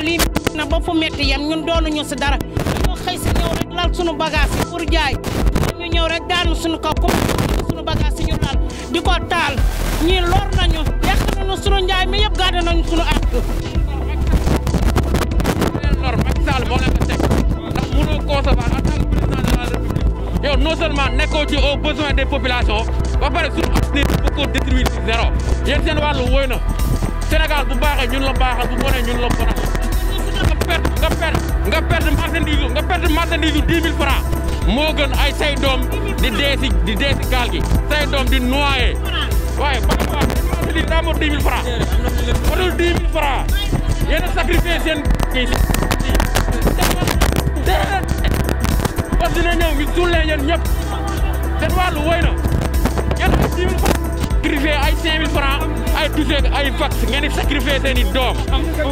déjà lii na ba fu metti yam ñun doonuñu si dara ñoo xëy si ñëw rek lal suñu bagage yi jaay ñu ñëw rek daanu suñu kaw comme suñu bagage ñu lal di ko taal ñii lor nañu yàq nañu suñu njaay mi yëpp gàdde nañu suñu àq lor Macky Sall moo leen ko teg ndax mënoo en nekkoo ci aux besoins ko détruire si zéro yéen seen bu baaxee ñun la baaxal bu bonee ñun la bonal nga perte nga perte marchandise nga perte marchandise dix mille francs moo gën ay say doom di dee si di dee si gaal gi say doom di noyé waaye ba nga wax marchandise daa mot dix mille francs motul dix mille francs yéen a sacrifié seen kii parce que dina ñëw ñu suulee ñeen ñëpp seen wàllu woy na yéen ay dix mille francs sacrifié ay cinq mille francs ay douze ay vax ngeen di sacrifié seen i doom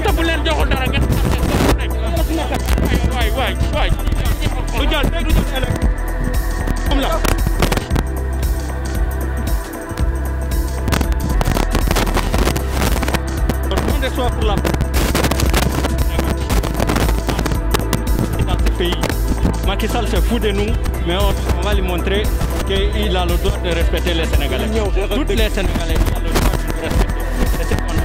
te bu leen joxul dara ngeen ouais, se fout de nous mais on, va lui montrer qu'il a le droit de respecter les Sénégalais toutes les Sénégalais ont le droit de respecter